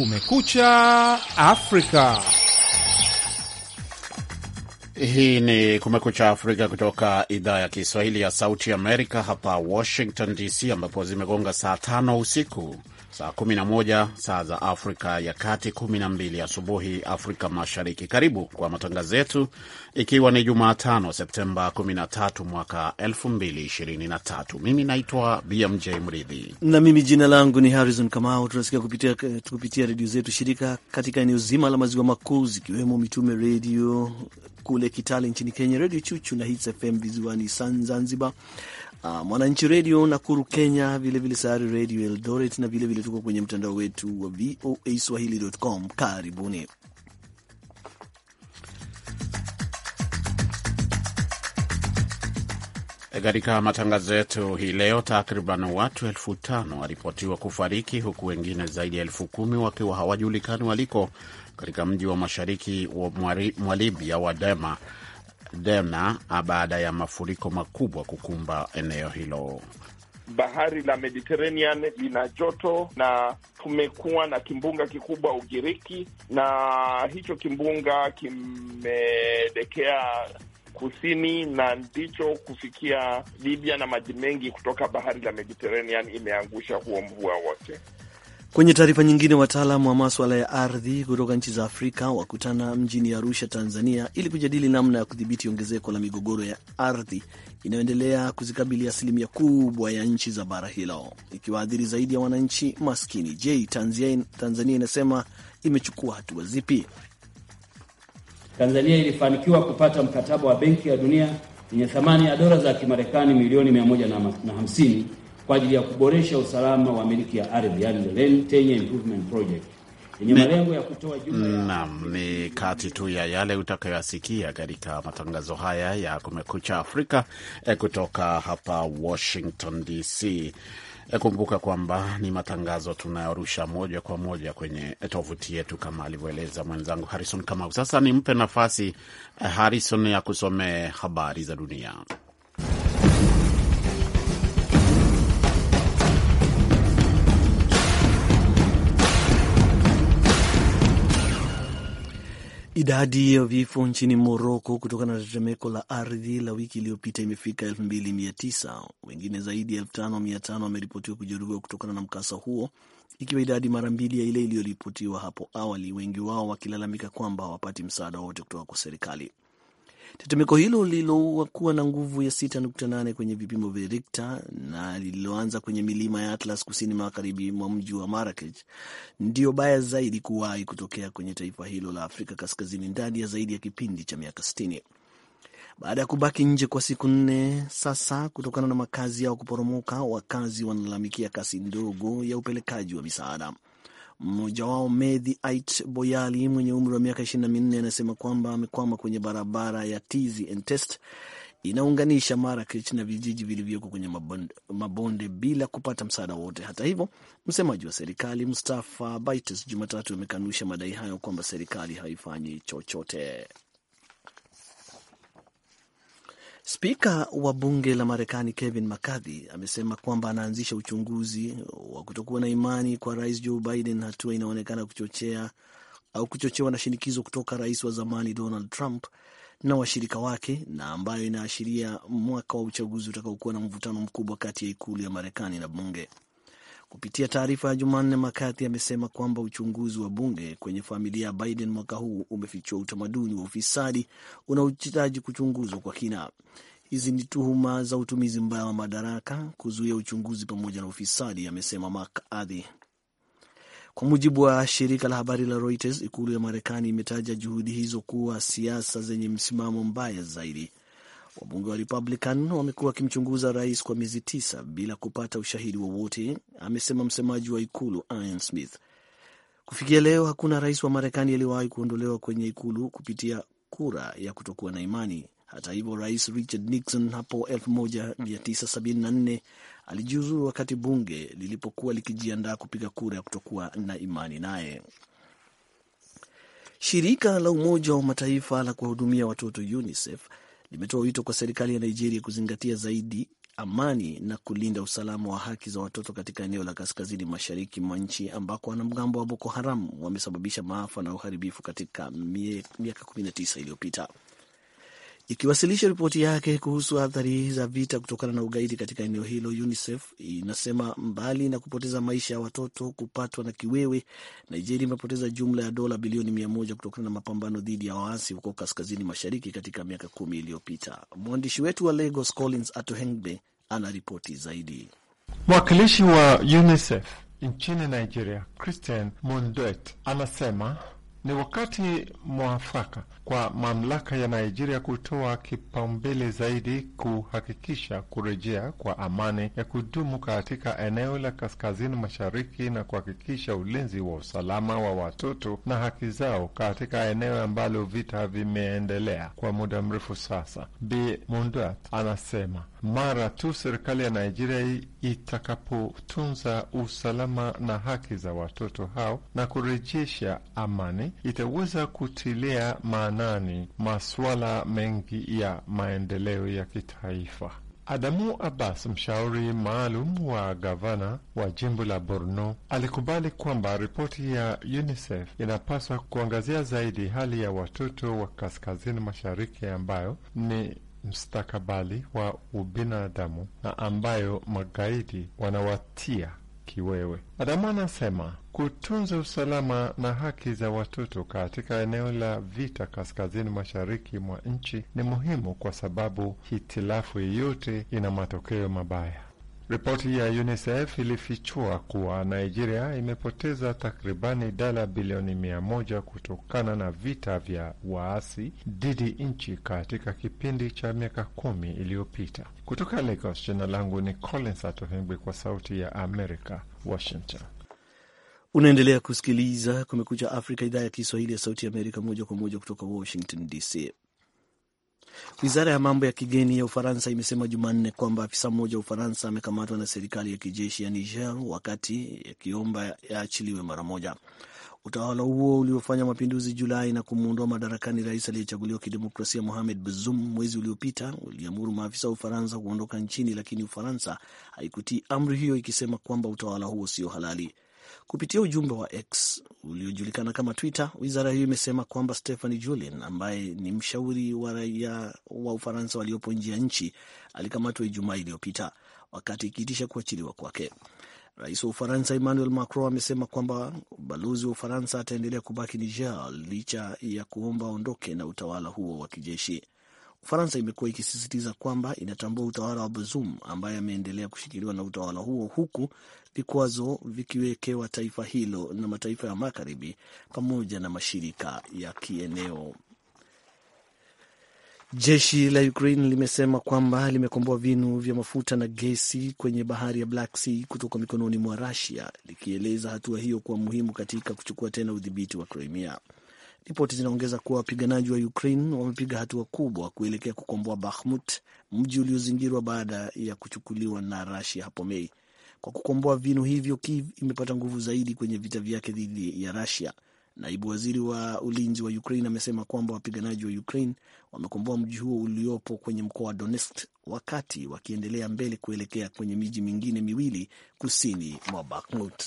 Kumekucha Afrika. Hii ni Kumekucha Afrika kutoka idhaa ya Kiswahili ya Sauti Amerika hapa Washington DC, ambapo zimegonga saa tano usiku saa 11 saa za Afrika ya Kati, 12 asubuhi Afrika Mashariki. Karibu kwa matangazo yetu, ikiwa ni Jumatano Septemba 13 mwaka 2023. Mimi naitwa BMJ Mridhi na mimi jina langu ni Harrison Kamau. Tunasikia kupitia, kupitia redio zetu shirika katika eneo zima la maziwa makuu zikiwemo Mitume Redio kule Kitale nchini Kenya, Redio Chuchu na Hits FM visiwani Zanzibar, Uh, Mwananchi Redio Nakuru Kenya, vilevile Sayari Redio Eldoret na vilevile tuko kwenye mtandao wetu wa VOA Swahili.com. Karibuni. Katika matangazo yetu hii leo, takriban watu elfu tano waripotiwa kufariki huku wengine zaidi ya elfu kumi wakiwa hawajulikani waliko katika mji wa mashariki wa mwa Libya wa Dema Derna baada ya mafuriko makubwa kukumba eneo hilo. Bahari la Mediterranean lina joto na tumekuwa na kimbunga kikubwa Ugiriki, na hicho kimbunga kimeelekea kusini na ndicho kufikia Libya, na maji mengi kutoka bahari la Mediterranean imeangusha huo mvua wote. Kwenye taarifa nyingine, wataalamu wa maswala ya ardhi kutoka nchi za Afrika wakutana mjini Arusha, Tanzania, ili kujadili namna ya kudhibiti ongezeko la migogoro ya ardhi inayoendelea kuzikabili asilimia kubwa ya nchi za bara hilo, ikiwaathiri zaidi ya wananchi maskini. Je, Tanzania inasema imechukua hatua zipi? Tanzania ilifanikiwa kupata mkataba wa Benki ya Dunia yenye thamani ya dola za Kimarekani milioni 150 kwa ajili ya kuboresha usalama wa miliki ya ardhi, yani Land Tenure Improvement Project yenye malengo ya kutoa jumla. Naam, ni kati tu ya yale utakayoyasikia katika matangazo haya ya Kumekucha Afrika eh, kutoka hapa Washington DC. Eh, kumbuka kwamba ni matangazo tunayorusha moja kwa moja kwenye eh, tovuti yetu, kama alivyoeleza mwenzangu Harrison Kamau. Sasa nimpe nafasi Harrison ya kusomea habari za dunia. Idadi ya vifo nchini Moroko kutokana na tetemeko la ardhi la wiki iliyopita imefika 2900 wengine zaidi ya 5500 wameripotiwa kujeruhiwa kutokana na mkasa huo, ikiwa idadi mara mbili ya ile iliyoripotiwa hapo awali, wengi wao wakilalamika kwamba hawapati msaada wowote kutoka kwa serikali. Tetemeko hilo kuwa na nguvu ya 6.8 kwenye vipimo vya rikta na lililoanza kwenye milima ya Atlas kusini magharibi mwa mji wa Marrakech ndiyo baya zaidi kuwahi kutokea kwenye taifa hilo la Afrika kaskazini ndani ya zaidi ya kipindi cha miaka 60. Baada ya kubaki nje kwa siku nne sasa kutokana na makazi yao kuporomoka, wakazi wanalalamikia kasi ndogo ya upelekaji wa misaada. Mmoja wao Medhi Ait Boyali mwenye umri wa miaka minne anasema kwamba amekwama kwenye barabara ya Tizi Entest inaunganisha Marakech na vijiji vilivyoko kwenye mabonde, mabonde bila kupata msaada wote Hata hivyo, msemaji wa serikali Mustafa bits Jumatatu amekanusha madai hayo kwamba serikali haifanyi chochote. Spika wa bunge la Marekani Kevin McCarthy amesema kwamba anaanzisha uchunguzi wa kutokuwa na imani kwa rais Joe Biden, hatua inaonekana kuchochea au kuchochewa na shinikizo kutoka rais wa zamani Donald Trump na washirika wake na ambayo inaashiria mwaka wa uchaguzi utakaokuwa na mvutano mkubwa kati ya ikulu ya Marekani na bunge. Kupitia taarifa ya Jumanne, Makathi amesema kwamba uchunguzi wa bunge kwenye familia ya Biden mwaka huu umefichua utamaduni wa ufisadi unaohitaji kuchunguzwa kwa kina. Hizi ni tuhuma za utumizi mbaya wa madaraka, kuzuia uchunguzi pamoja na ufisadi, amesema McCarthy. Kwa mujibu wa shirika la habari la Reuters, ikulu ya Marekani imetaja juhudi hizo kuwa siasa zenye msimamo mbaya zaidi Wabunge wa Republican wamekuwa wakimchunguza rais kwa miezi tisa bila kupata ushahidi wowote, amesema msemaji wa ikulu Ian Smith. Kufikia leo hakuna rais wa Marekani aliyewahi kuondolewa kwenye ikulu kupitia kura ya kutokuwa na imani. Hata hivyo, rais Richard Nixon hapo 1974 alijiuzuru wakati bunge lilipokuwa likijiandaa kupiga kura ya kutokuwa na imani naye. Shirika la Umoja wa Mataifa la kuwahudumia watoto UNICEF limetoa wito kwa serikali ya Nigeria kuzingatia zaidi amani na kulinda usalama wa haki za watoto katika eneo la kaskazini mashariki mwa nchi ambako wanamgambo wa Boko Haram wamesababisha maafa na uharibifu katika miaka 19 iliyopita. Ikiwasilisha ripoti yake kuhusu athari za vita kutokana na ugaidi katika eneo hilo, UNICEF inasema mbali na kupoteza maisha ya watoto kupatwa na kiwewe, Nigeria imepoteza jumla ya dola bilioni mia moja kutokana na mapambano dhidi ya waasi huko kaskazini mashariki katika miaka kumi iliyopita. Mwandishi wetu wa Lagos, Collins Atohengbe, ana ripoti zaidi. Mwakilishi wa UNICEF nchini Nigeria, Christian Mondet, anasema ni wakati mwafaka kwa mamlaka ya Nigeria kutoa kipaumbele zaidi kuhakikisha kurejea kwa amani ya kudumu katika eneo la kaskazini mashariki na kuhakikisha ulinzi wa usalama wa watoto na haki zao katika eneo ambalo vita vimeendelea kwa muda mrefu sasa. Bi Mundat anasema mara tu serikali ya Nigeria itakapotunza usalama na haki za watoto hao na kurejesha amani, itaweza kutilia maanani masuala mengi ya maendeleo ya kitaifa. Adamu Abbas, mshauri maalum wa gavana wa jimbo la Borno, alikubali kwamba ripoti ya UNICEF inapaswa kuangazia zaidi hali ya watoto wa kaskazini mashariki ambayo ni mstakabali wa ubinadamu na ambayo magaidi wanawatia kiwewe. Adamu anasema kutunza usalama na haki za watoto katika eneo la vita kaskazini mashariki mwa nchi ni muhimu, kwa sababu hitilafu yoyote ina matokeo mabaya. Ripoti ya UNICEF ilifichua kuwa Nigeria imepoteza takribani dola bilioni mia moja kutokana na vita vya waasi dhidi nchi katika kipindi cha miaka kumi iliyopita. Kutoka Lagos, jina langu ni Collins Atohengwi kwa Sauti ya Amerika, Washington. Unaendelea kusikiliza Kumekucha Afrika, idhaa ya Kiswahili ya Sauti ya Amerika, moja kwa moja kutoka Washington DC. Wizara ya mambo ya kigeni ya Ufaransa imesema Jumanne kwamba afisa mmoja wa Ufaransa amekamatwa na serikali ya kijeshi ya Niger wakati yakiomba yaachiliwe mara moja. Utawala huo uliofanya mapinduzi Julai na kumwondoa madarakani rais aliyechaguliwa kidemokrasia Mohamed Bazoum mwezi uliopita uliamuru maafisa wa Ufaransa kuondoka nchini, lakini Ufaransa haikutii amri hiyo ikisema kwamba utawala huo sio halali. Kupitia ujumbe wa X uliojulikana kama Twitter, wizara hiyo imesema kwamba Stephanie Julien ambaye ni mshauri wa raia wa Ufaransa waliopo nje ya nchi alikamatwa Ijumaa iliyopita wakati ikiitisha kuachiliwa kwake. Rais wa Ufaransa Emmanuel Macron amesema kwamba balozi wa Ufaransa ataendelea kubaki Niger licha ya kuomba aondoke na utawala huo wa kijeshi. Ufaransa imekuwa ikisisitiza kwamba inatambua utawala wa Bazoum ambaye ameendelea kushikiliwa na utawala huo, huku vikwazo vikiwekewa taifa hilo na mataifa ya magharibi pamoja na mashirika ya kieneo. Jeshi la Ukraine limesema kwamba limekomboa vinu vya mafuta na gesi kwenye bahari ya Black Sea kutoka mikononi mwa Russia, likieleza hatua hiyo kuwa muhimu katika kuchukua tena udhibiti wa Crimea. Ripoti zinaongeza kuwa wapiganaji wa Ukraine wamepiga hatua kubwa kuelekea kukomboa Bakhmut, mji uliozingirwa baada ya kuchukuliwa na Russia hapo Mei kwa kukomboa vinu hivyo. Kiev imepata nguvu zaidi kwenye vita vyake dhidi ya rasia Naibu waziri wa ulinzi wa Ukraine amesema kwamba wapiganaji wa Ukraine wamekomboa mji huo uliopo kwenye mkoa wa Donetsk wakati wakiendelea mbele kuelekea kwenye miji mingine miwili kusini mwa Bakhmut.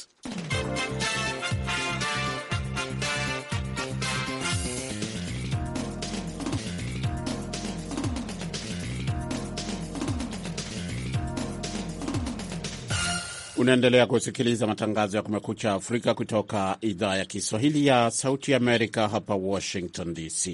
Unaendelea kusikiliza matangazo ya Kumekucha Afrika kutoka idhaa ya Kiswahili ya Sauti Amerika, hapa Washington DC.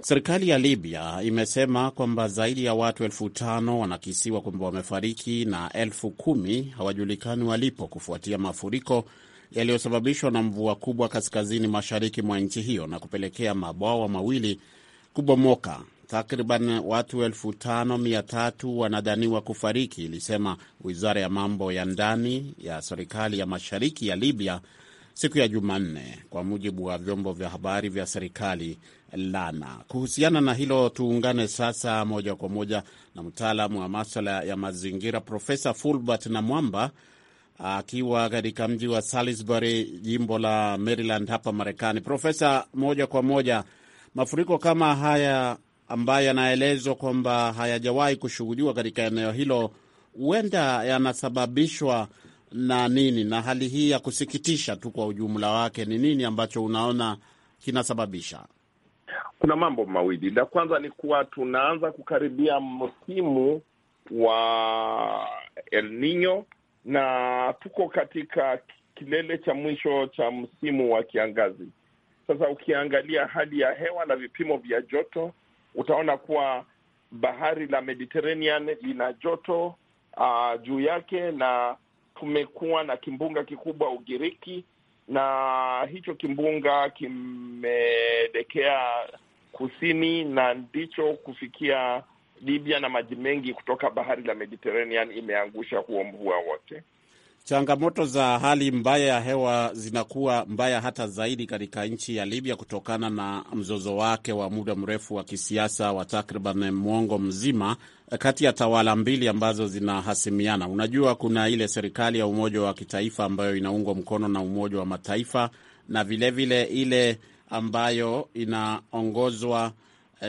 Serikali ya Libya imesema kwamba zaidi ya watu elfu tano wanakisiwa kwamba wamefariki na elfu kumi hawajulikani walipo kufuatia mafuriko yaliyosababishwa na mvua kubwa kaskazini mashariki mwa nchi hiyo na kupelekea mabwawa mawili kubomoka Takriban watu elfu tano mia tatu wanadhaniwa kufariki, ilisema wizara ya mambo ya ndani ya serikali ya mashariki ya Libya siku ya Jumanne, kwa mujibu wa vyombo vya habari vya serikali lana. Kuhusiana na hilo, tuungane sasa moja kwa moja na mtaalamu wa maswala ya mazingira Profesa Fulbert na Mwamba akiwa katika mji wa Salisbury, jimbo la Maryland hapa Marekani. Profesa, moja kwa moja, mafuriko kama haya ambayo yanaelezwa kwamba hayajawahi kushughuliwa katika eneo hilo, huenda yanasababishwa na nini? Na hali hii ya kusikitisha tu kwa ujumla wake ni nini ambacho unaona kinasababisha? Kuna mambo mawili. La kwanza ni kuwa tunaanza kukaribia msimu wa El Nino na tuko katika kilele cha mwisho cha msimu wa kiangazi. Sasa ukiangalia hali ya hewa na vipimo vya joto utaona kuwa bahari la Mediterranean lina joto uh, juu yake, na kumekuwa na kimbunga kikubwa Ugiriki, na hicho kimbunga kimeelekea kusini na ndicho kufikia Libya na maji mengi kutoka bahari la Mediterranean imeangusha huo mvua wote. Changamoto za hali mbaya ya hewa zinakuwa mbaya hata zaidi katika nchi ya Libya kutokana na mzozo wake wa muda mrefu wa kisiasa wa takriban mwongo mzima kati ya tawala mbili ambazo zinahasimiana. Unajua, kuna ile serikali ya umoja wa kitaifa ambayo inaungwa mkono na Umoja wa Mataifa na vilevile vile ile ambayo inaongozwa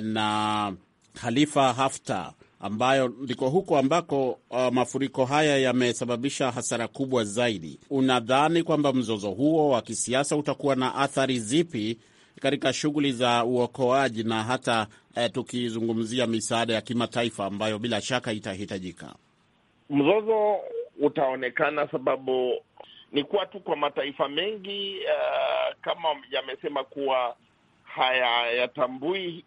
na Khalifa Haftar ambayo ndiko huko ambako uh, mafuriko haya yamesababisha hasara kubwa zaidi. Unadhani kwamba mzozo huo wa kisiasa utakuwa na athari zipi katika shughuli za uokoaji na hata uh, tukizungumzia misaada ya kimataifa ambayo bila shaka itahitajika? Mzozo utaonekana sababu ni kuwa tu kwa mataifa mengi uh, kama yamesema kuwa hayatambui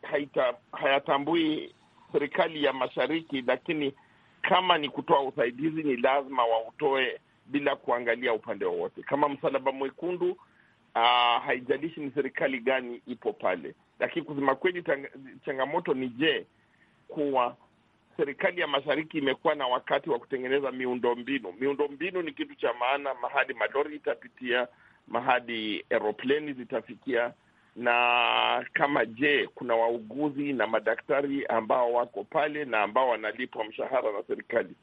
hayatambui serikali ya mashariki, lakini kama ni kutoa usaidizi ni lazima wautoe bila kuangalia upande wowote, kama Msalaba Mwekundu. Uh, haijalishi ni serikali gani ipo pale, lakini kusema kweli, changamoto ni je, kuwa serikali ya mashariki imekuwa na wakati wa kutengeneza miundo mbinu miundo mbinu ni kitu cha maana, mahali malori itapitia, mahali aeropleni zitafikia na kama je, kuna wauguzi na madaktari ambao wako pale na ambao wanalipwa mshahara na serikali?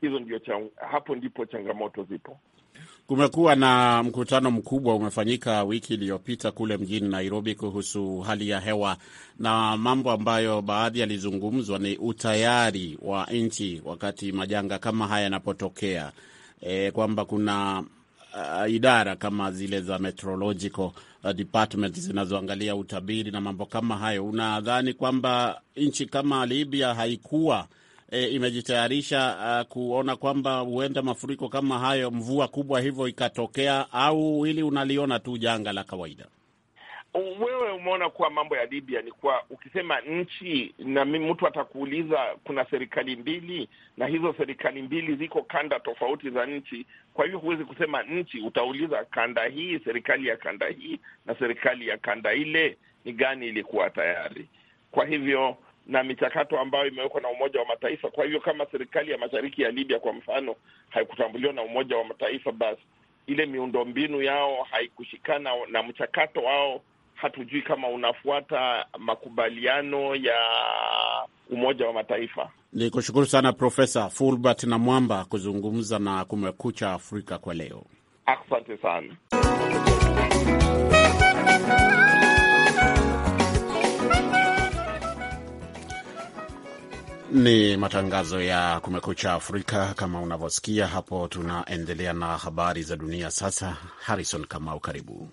Hizo ndio chang, hapo ndipo changamoto zipo. Kumekuwa na mkutano mkubwa umefanyika wiki iliyopita kule mjini Nairobi kuhusu hali ya hewa, na mambo ambayo baadhi yalizungumzwa ni utayari wa nchi wakati majanga kama haya yanapotokea, e, kwamba kuna uh, idara kama zile za meteorological uh, department zinazoangalia utabiri na mambo kama hayo, unadhani kwamba nchi kama Libya haikuwa e, imejitayarisha uh, kuona kwamba huenda mafuriko kama hayo, mvua kubwa hivyo ikatokea, au hili unaliona tu janga la kawaida? wewe umeona kuwa mambo ya Libya ni kuwa ukisema nchi na mtu atakuuliza kuna serikali mbili, na hizo serikali mbili ziko kanda tofauti za nchi. Kwa hivyo huwezi kusema nchi, utauliza kanda hii, serikali ya kanda hii na serikali ya kanda ile ni gani ilikuwa tayari. Kwa hivyo na michakato ambayo imewekwa na Umoja wa Mataifa. Kwa hivyo kama serikali ya mashariki ya Libya kwa mfano haikutambuliwa na Umoja wa Mataifa, basi ile miundombinu yao haikushikana na mchakato wao hatujui kama unafuata makubaliano ya Umoja wa Mataifa. Ni kushukuru sana Profesa Fulbert na Mwamba kuzungumza na Kumekucha Afrika kwa leo. Asante sana. Ni matangazo ya Kumekucha Afrika. Kama unavyosikia hapo, tunaendelea na habari za dunia. Sasa Harrison Kamau, karibu.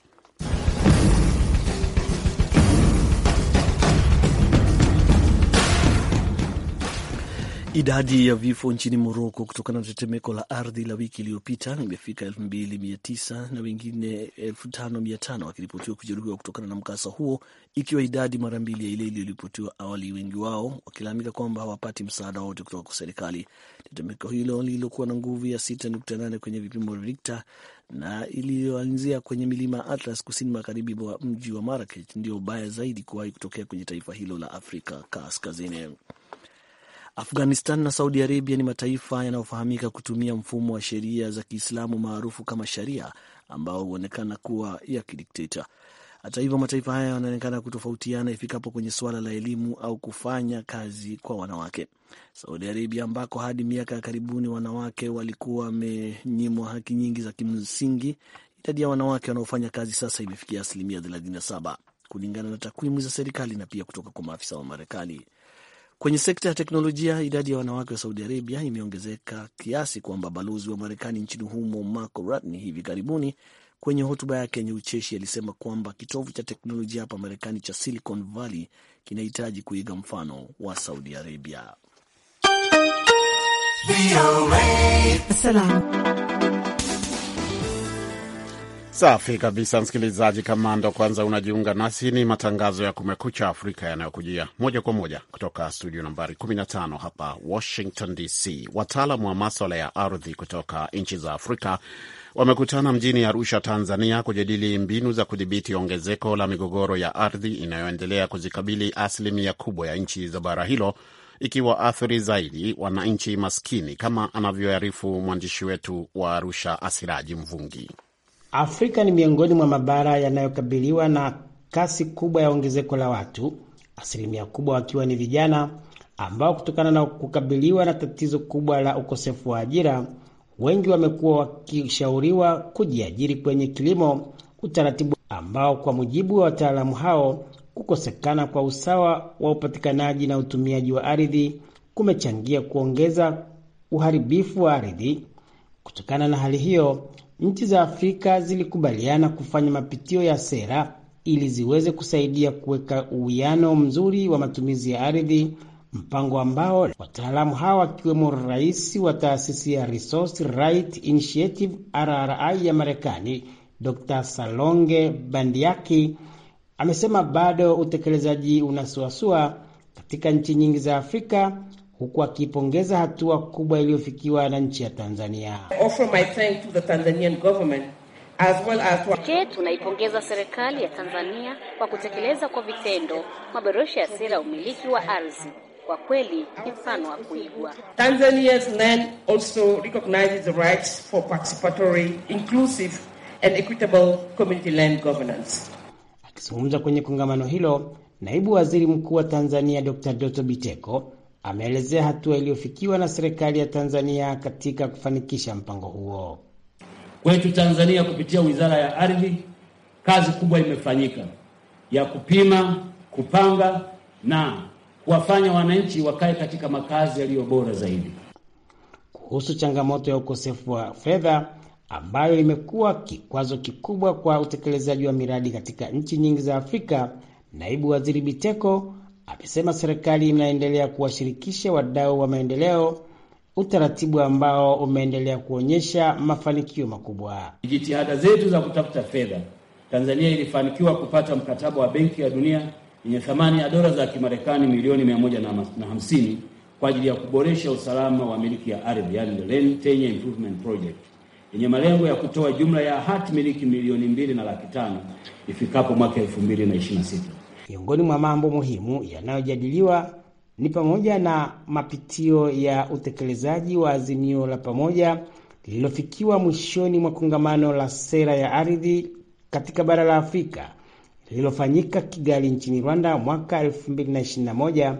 Idadi ya vifo nchini Moroko kutokana na tetemeko la ardhi la wiki iliyopita imefika 2900 na wengine 5500 wakiripotiwa kujeruhiwa kutokana na mkasa huo, ikiwa idadi mara mbili ya ile iliyoripotiwa awali, wengi wao wakilalamika kwamba hawapati msaada wote kutoka kwa serikali. Tetemeko hilo lililokuwa na nguvu ya 6.8 kwenye vipimo vya Richter na iliyoanzia kwenye milima Atlas kusini magharibi mwa mji wa Marrakech ndio baya zaidi kuwahi kutokea kwenye taifa hilo la Afrika Kaskazini. Afghanistan na Saudi Arabia ni mataifa yanayofahamika kutumia mfumo wa sheria za Kiislamu maarufu kama sharia, ambao huonekana kuwa ya kidikteta. Hata hivyo, mataifa haya yanaonekana kutofautiana ifikapo kwenye suala la elimu au kufanya kazi kwa wanawake. Saudi Arabia, ambako hadi miaka ya karibuni wanawake walikuwa wamenyimwa haki nyingi za kimsingi, idadi ya wanawake wanaofanya kazi sasa imefikia asilimia 37 kulingana na takwimu za serikali na pia kutoka kwa maafisa wa Marekani. Kwenye sekta ya teknolojia, idadi ya wanawake wa Saudi Arabia imeongezeka kiasi kwamba balozi wa Marekani nchini humo Marco Ratney hivi karibuni kwenye hotuba yake yenye ucheshi alisema kwamba kitovu cha teknolojia hapa Marekani cha Silicon Valley kinahitaji kuiga mfano wa Saudi Arabia. Salam. Safi kabisa, msikilizaji. Kama ndo kwanza unajiunga nasi, ni matangazo ya Kumekucha Afrika yanayokujia moja kwa moja kutoka studio nambari 15 hapa Washington DC. Wataalamu wa maswala ya ardhi kutoka nchi za Afrika wamekutana mjini Arusha, Tanzania, kujadili mbinu za kudhibiti ongezeko la migogoro ya ardhi inayoendelea kuzikabili asilimia kubwa ya nchi za bara hilo, ikiwa athiri zaidi wananchi maskini, kama anavyoarifu mwandishi wetu wa Arusha, Asiraji Mvungi. Afrika ni miongoni mwa mabara yanayokabiliwa na kasi kubwa ya ongezeko la watu, asilimia kubwa wakiwa ni vijana ambao kutokana na kukabiliwa na tatizo kubwa la ukosefu wa ajira, wengi wamekuwa wakishauriwa kujiajiri kwenye kilimo, utaratibu ambao kwa mujibu wa wataalamu hao, kukosekana kwa usawa wa upatikanaji na utumiaji wa ardhi kumechangia kuongeza uharibifu wa ardhi. Kutokana na hali hiyo, nchi za Afrika zilikubaliana kufanya mapitio ya sera ili ziweze kusaidia kuweka uwiano mzuri wa matumizi ya ardhi, mpango ambao wataalamu hawa akiwemo rais wa taasisi ya Resource Right Initiative RRI ya Marekani, Dr Salonge Bandiaki amesema bado utekelezaji unasuasua katika nchi nyingi za Afrika huku akipongeza hatua kubwa iliyofikiwa na nchi ya Tanzania. Well Je, tunaipongeza serikali ya Tanzania kwa kutekeleza kwa vitendo maboresho ya sera ya umiliki wa ardhi. Kwa kweli ni mfano wa kuigwa. Tanzania's land also recognizes the rights for participatory, inclusive and equitable community land governance. Akizungumza kwenye kongamano hilo, naibu waziri mkuu wa Tanzania Dr. Doto Biteko ameelezea hatua iliyofikiwa na serikali ya Tanzania katika kufanikisha mpango huo. Kwetu Tanzania, kupitia wizara ya ardhi, kazi kubwa imefanyika ya kupima, kupanga na kuwafanya wananchi wakae katika makazi yaliyo bora zaidi. Kuhusu changamoto ya ukosefu wa fedha ambayo imekuwa kikwazo kikubwa kwa utekelezaji wa miradi katika nchi nyingi za Afrika, naibu waziri Biteko amesema serikali inaendelea kuwashirikisha wadau wa maendeleo, utaratibu ambao umeendelea kuonyesha mafanikio makubwa. Jitihada zetu za kutafuta fedha, Tanzania ilifanikiwa kupata mkataba wa Benki ya Dunia yenye thamani ya dola za Kimarekani milioni 150 kwa ajili ya kuboresha usalama wa miliki ya ardhi, yani Land Tenure Improvement Project yenye malengo ya kutoa jumla ya hati miliki milioni mbili na laki tano ifikapo mwaka 2026. Miongoni mwa mambo muhimu yanayojadiliwa ni pamoja na mapitio ya utekelezaji wa azimio la pamoja lililofikiwa mwishoni mwa kongamano la sera ya ardhi katika bara la Afrika lililofanyika Kigali nchini Rwanda mwaka 2021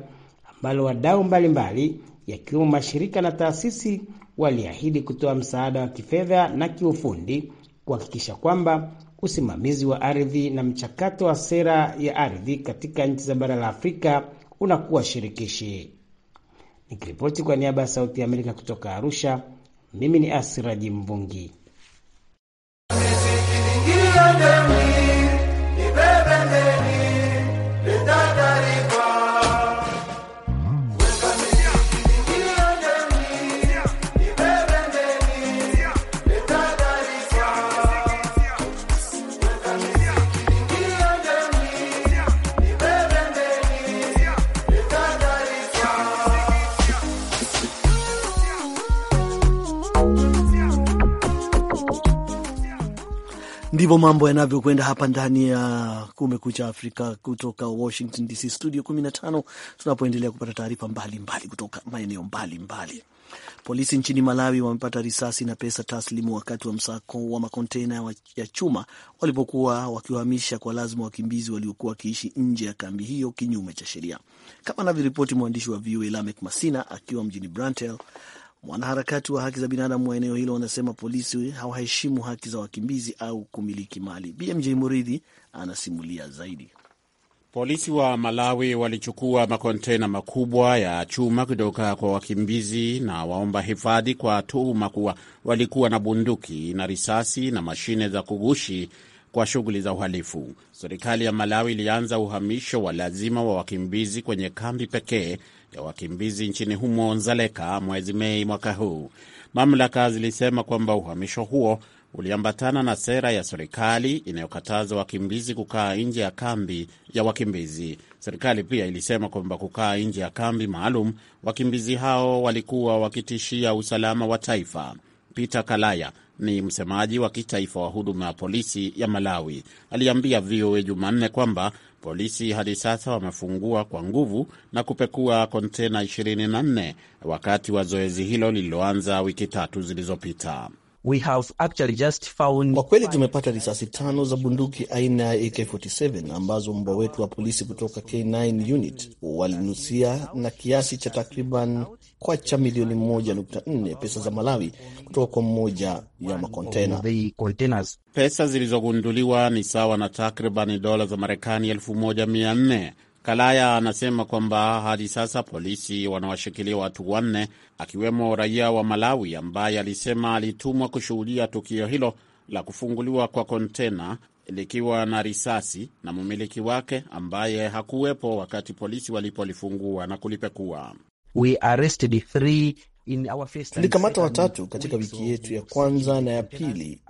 ambalo wadau mbalimbali yakiwemo mashirika na taasisi waliahidi kutoa msaada wa kifedha na kiufundi kuhakikisha kwamba usimamizi wa ardhi na mchakato wa sera ya ardhi katika nchi za bara la Afrika unakuwa shirikishi. Nikiripoti kwa niaba ya Sauti ya Amerika kutoka Arusha, mimi ni Asiraji Mvungi. Ndivyo mambo yanavyokwenda hapa ndani ya Kumekucha Afrika kutoka Washington DC, studio 15, tunapoendelea kupata taarifa mbalimbali kutoka maeneo mbalimbali. Polisi nchini Malawi wamepata risasi na pesa taslimu wakati wa msako wa makontena ya chuma walipokuwa wakiwahamisha kwa lazima wakimbizi waliokuwa wakiishi nje ya kambi hiyo kinyume cha sheria, kama anavyoripoti mwandishi wa VOA Lamek Masina akiwa mjini Brantel Mwanaharakati wa haki za binadamu wa eneo hilo wanasema polisi hawaheshimu haki za wakimbizi au kumiliki mali. BMJ Muridhi anasimulia zaidi. Polisi wa Malawi walichukua makontena makubwa ya chuma kutoka kwa wakimbizi na waomba hifadhi kwa tuhuma kuwa walikuwa na bunduki na risasi na mashine za kugushi kwa shughuli za uhalifu. Serikali ya Malawi ilianza uhamisho wa lazima wa wakimbizi kwenye kambi pekee ya wakimbizi nchini humo Nzaleka mwezi Mei mwaka huu. Mamlaka zilisema kwamba uhamisho huo uliambatana na sera ya serikali inayokataza wakimbizi kukaa nje ya kambi ya wakimbizi. Serikali pia ilisema kwamba kukaa nje ya kambi maalum wakimbizi hao walikuwa wakitishia usalama wa taifa. Peter Kalaya ni msemaji wa kitaifa wa huduma ya polisi ya Malawi aliambia VOA Jumanne kwamba polisi hadi sasa wamefungua kwa nguvu na kupekua kontena 24 wakati wa zoezi hilo lililoanza wiki tatu zilizopita. We have actually just found... Kwa kweli tumepata risasi tano za bunduki aina ya AK47 ambazo mbwa wetu wa polisi kutoka K9 unit walinusia na kiasi cha takriban kwa cha milioni nne pesa za Malawi kutoka kwa mmoja ya makontena. Pesa zilizogunduliwa ni sawa na takribani dola za Marekani nne Kalaya anasema kwamba hadi sasa polisi wanawashikilia watu wanne akiwemo raia wa Malawi ambaye alisema alitumwa kushuhudia tukio hilo la kufunguliwa kwa kontena likiwa na risasi na mumiliki wake ambaye hakuwepo wakati polisi walipolifungua na kulipekua. We arrested three in our first, tulikamata watatu katika wiki yetu ya kwanza na ya pili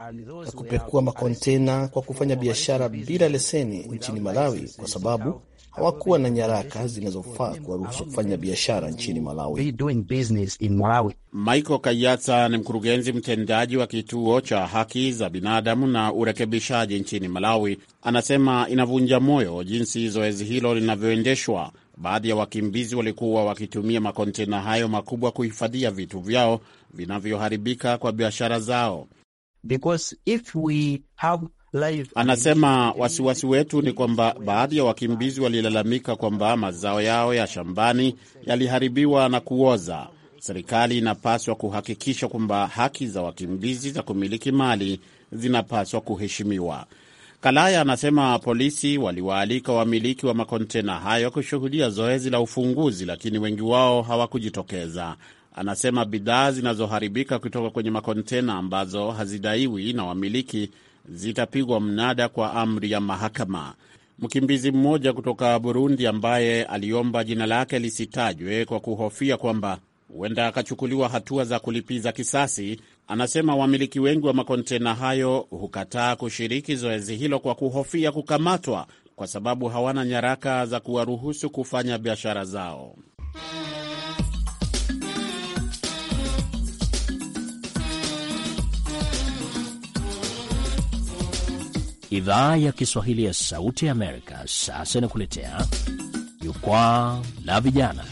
ya kupekua makontena kwa kufanya biashara bila leseni nchini Malawi kwa sababu hawakuwa na nyaraka zinazofaa kuwaruhusu kufanya biashara nchini Malawi. Michael Kayata ni mkurugenzi mtendaji wa kituo cha haki za binadamu na urekebishaji nchini Malawi. Anasema inavunja moyo jinsi zoezi hilo linavyoendeshwa. Baadhi ya wakimbizi walikuwa wakitumia makontena hayo makubwa kuhifadhia vitu vyao vinavyoharibika kwa biashara zao. Because if we have Anasema wasiwasi wetu ni kwamba baadhi ya wakimbizi walilalamika kwamba mazao yao ya shambani yaliharibiwa na kuoza. Serikali inapaswa kuhakikisha kwamba haki za wakimbizi za kumiliki mali zinapaswa kuheshimiwa. Kalaya anasema polisi waliwaalika wamiliki wa makontena hayo kushuhudia zoezi la ufunguzi, lakini wengi wao hawakujitokeza. Anasema bidhaa zinazoharibika kutoka kwenye makontena ambazo hazidaiwi na wamiliki zitapigwa mnada kwa amri ya mahakama. Mkimbizi mmoja kutoka Burundi ambaye aliomba jina lake lisitajwe kwa kuhofia kwamba huenda akachukuliwa hatua za kulipiza kisasi, anasema wamiliki wengi wa makontena hayo hukataa kushiriki zoezi hilo kwa kuhofia kukamatwa, kwa sababu hawana nyaraka za kuwaruhusu kufanya biashara zao. Idhaa ya Kiswahili ya Sauti ya Amerika sasa inakuletea Jukwaa la Vijana.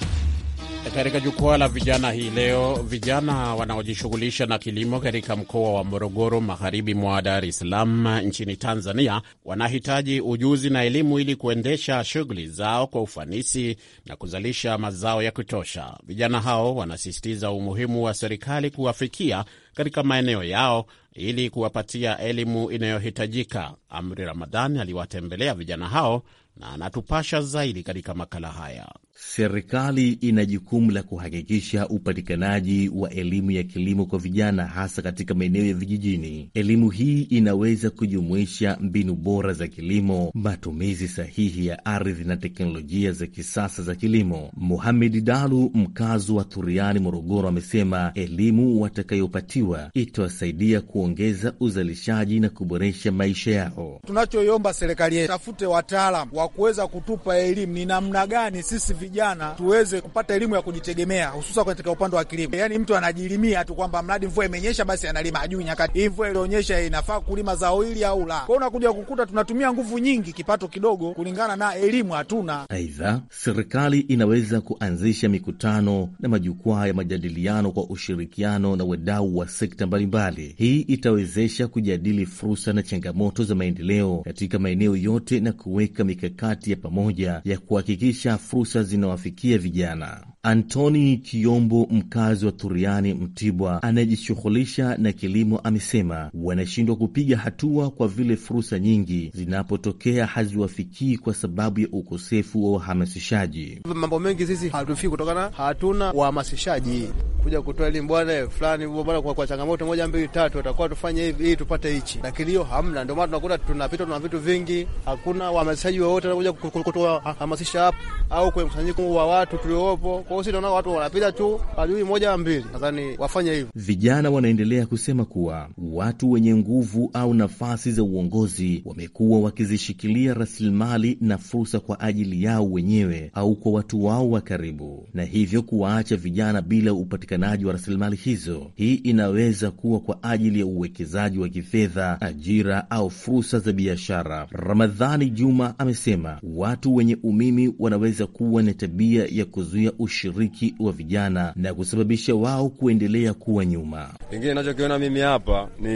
Katika Jukwaa la Vijana hii leo, vijana wanaojishughulisha na kilimo katika mkoa wa Morogoro, magharibi mwa Dar es Salaam nchini Tanzania, wanahitaji ujuzi na elimu ili kuendesha shughuli zao kwa ufanisi na kuzalisha mazao ya kutosha. Vijana hao wanasisitiza umuhimu wa serikali kuwafikia katika maeneo yao ili kuwapatia elimu inayohitajika. Amri Ramadhani aliwatembelea vijana hao na anatupasha zaidi katika makala haya. Serikali ina jukumu la kuhakikisha upatikanaji wa elimu ya kilimo kwa vijana, hasa katika maeneo ya vijijini. Elimu hii inaweza kujumuisha mbinu bora za kilimo, matumizi sahihi ya ardhi na teknolojia za kisasa za kilimo. Muhamedi Dalu, mkazi wa Thuriani, Morogoro, amesema elimu watakayopatiwa maziwa itawasaidia kuongeza uzalishaji na kuboresha maisha yao. Tunachoiomba serikali yetu tafute wataalam wa kuweza kutupa elimu ni namna gani sisi vijana tuweze kupata elimu ya kujitegemea, hususan katika upande wa kilimo. Yaani mtu anajilimia tu kwamba mradi mvua imenyesha basi analima, ajui nyakati hii mvua ilionyesha inafaa kulima zao hili au la. Kwao unakuja kukuta tunatumia nguvu nyingi, kipato kidogo, kulingana na elimu hatuna. Aidha, serikali inaweza kuanzisha mikutano na majukwaa ya majadiliano kwa ushirikiano na wadau wa sekta mbalimbali. Hii itawezesha kujadili fursa na changamoto za maendeleo katika maeneo yote na kuweka mikakati ya pamoja ya kuhakikisha fursa zinawafikia vijana. Antoni kiombo mkazi wa Turiani, Mtibwa, anayejishughulisha na kilimo, amesema wanashindwa kupiga hatua kwa vile fursa nyingi zinapotokea haziwafikii kwa sababu ya ukosefu wa uhamasishaji. Mambo mengi sisi hatufiki kutokana, hatuna uhamasishaji kuja kutoa elimu bwana fulani bwana, kwa, kwa changamoto moja mbili tatu atakuwa tufanye hivi ili tupate hichi, lakini hiyo hamna. Ndio maana tunakuta tunapita, tuna vitu vingi, hakuna uhamasishaji wowote anakuja kutuhamasisha hapa au kwenye mkusanyiko wa watu tuliopo. Kwa si naona watu wanapita tu, hajui moja mbili, nadhani wafanye hivyo. Vijana wanaendelea kusema kuwa watu wenye nguvu au nafasi za uongozi wamekuwa wakizishikilia rasilimali na fursa kwa ajili yao wenyewe au kwa watu wao wa karibu, na hivyo kuwaacha vijana bila upatikanaji wa rasilimali hizo. Hii inaweza kuwa kwa ajili ya uwekezaji wa kifedha, ajira au fursa za biashara. Ramadhani Juma amesema watu wenye umimi wanaweza kuwa na tabia ya kuzuia ush ushiriki wa vijana na kusababisha wao kuendelea kuwa nyuma. Kingine inachokiona mimi hapa ni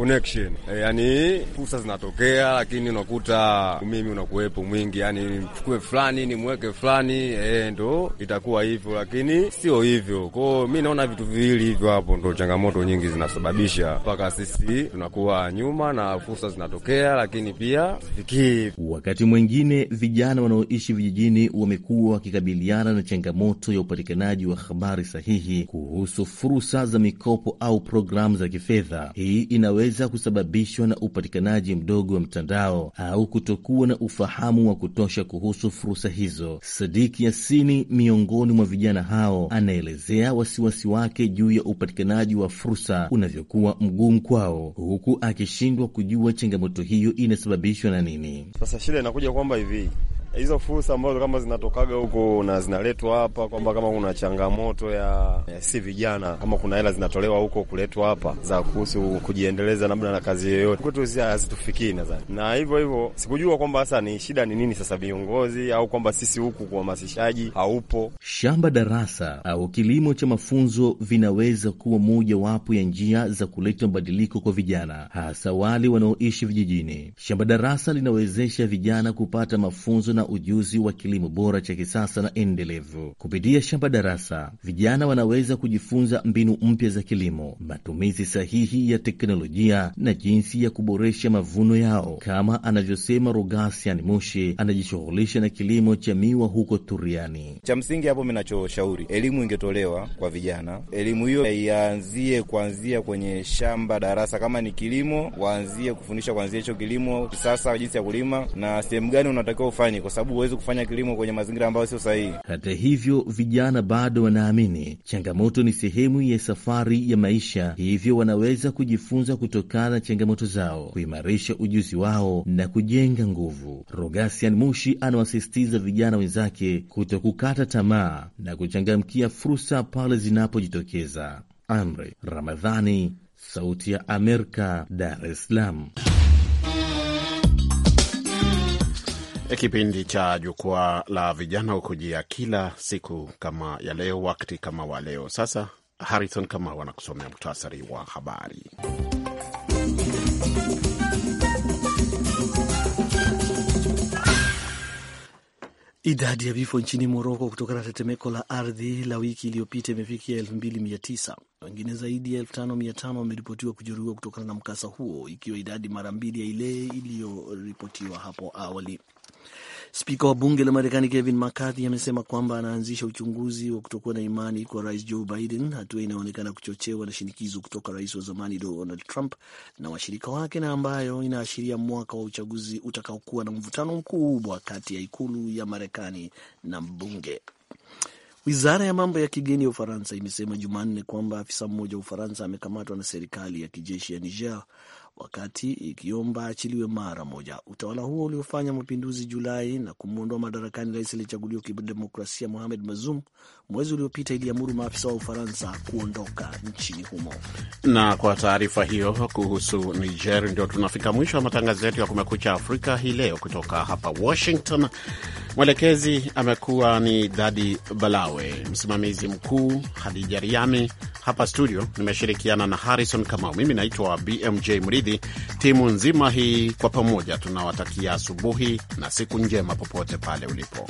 connection, eh, yani fursa zinatokea, lakini unakuta mimi unakuwepo mwingi, yani mchukue fulani nimweke fulani e, ndo itakuwa hivyo, lakini sio hivyo. ko mi naona vitu viwili hivyo, hapo ndo changamoto nyingi zinasababisha mpaka sisi tunakuwa nyuma na fursa zinatokea, lakini pia fikii. Wakati mwingine vijana wanaoishi vijijini wamekuwa wakikabiliana na changamoto ya upatikanaji wa habari sahihi kuhusu fursa za mikopo au programu za kifedha. Hii inaweza inaweza kusababishwa na upatikanaji mdogo wa mtandao au kutokuwa na ufahamu wa kutosha kuhusu fursa hizo. Sadiki Yasini, miongoni mwa vijana hao, anaelezea wasiwasi wake juu ya upatikanaji wa fursa unavyokuwa mgumu kwao, huku akishindwa kujua changamoto hiyo inasababishwa na nini. Sasa shida inakuja kwamba hivi hizo fursa ambazo kama zinatokaga huko na zinaletwa hapa, kwamba kama kuna changamoto ya, ya si vijana, kama kuna hela zinatolewa huko kuletwa hapa za kuhusu kujiendeleza labda na kazi yoyote kwetu hazitufikii nadhani, na hivyo hivyo sikujua kwamba hasa ni shida ni nini sasa viongozi au kwamba sisi huku kuhamasishaji haupo. Shamba darasa au kilimo cha mafunzo vinaweza kuwa mojawapo ya njia za kuleta mabadiliko kwa vijana, hasa wale wanaoishi vijijini. Shamba darasa linawezesha vijana kupata mafunzo na na ujuzi wa kilimo bora cha kisasa na endelevu. Kupitia shamba darasa, vijana wanaweza kujifunza mbinu mpya za kilimo, matumizi sahihi ya teknolojia na jinsi ya kuboresha mavuno yao, kama anavyosema Rogasian moshe anajishughulisha na kilimo cha miwa huko Turiani. Cha msingi hapo, minachoshauri elimu ingetolewa kwa vijana. Elimu hiyo ianzie kuanzia kwenye shamba darasa, kama ni kilimo waanzie kufundisha kuanzia hicho kilimo sasa, jinsi ya kulima na sehemu gani unatakiwa ufanye kwa sababu huwezi kufanya kilimo kwenye mazingira ambayo sio sahihi. Hata hivyo, vijana bado wanaamini changamoto ni sehemu ya safari ya maisha, hivyo wanaweza kujifunza kutokana na changamoto zao, kuimarisha ujuzi wao na kujenga nguvu. Rogasian Mushi anawasisitiza vijana wenzake kutokukata tamaa na kuchangamkia fursa pale zinapojitokeza. Amri Ramadhani, Sauti ya Amerika, Dar es Salaam. E, kipindi cha Jukwaa la Vijana hukujia kila siku kama ya leo, wakati kama wa leo. Sasa Harrison Kamau anakusomea muhtasari wa habari. Idadi ya vifo nchini Moroko kutokana na tetemeko la ardhi la wiki iliyopita imefikia 29 Wengine zaidi ya 55 wameripotiwa kujeruhiwa kutokana na mkasa huo, ikiwa idadi mara mbili ya ile iliyoripotiwa hapo awali. Spika wa bunge la Marekani Kevin McCarthy amesema kwamba anaanzisha uchunguzi wa kutokuwa na imani kwa rais Joe Biden, hatua inayoonekana kuchochewa na shinikizo kutoka rais wa zamani Donald Trump na washirika wake na ambayo inaashiria mwaka wa uchaguzi utakaokuwa na mvutano mkubwa kati ya ikulu ya Marekani na bunge. Wizara ya mambo ya kigeni ya Ufaransa imesema Jumanne kwamba afisa mmoja wa Ufaransa amekamatwa na serikali ya kijeshi ya Niger wakati ikiomba achiliwe mara moja. Utawala huo uliofanya mapinduzi Julai na kumwondoa madarakani rais aliyechaguliwa kidemokrasia Mohamed Bazoum mwezi uliopita iliamuru maafisa wa Ufaransa kuondoka nchini humo. Na kwa taarifa hiyo kuhusu Niger, ndio tunafika mwisho wa matangazo yetu ya Kumekucha Afrika hii leo kutoka hapa Washington. Mwelekezi amekuwa ni Dadi Balawe, msimamizi mkuu Hadija Riami. Hapa studio nimeshirikiana na Harrison Kamau. Mimi naitwa BMJ Mridhi. Kiswahili. Timu nzima hii kwa pamoja tunawatakia asubuhi na siku njema popote pale ulipo.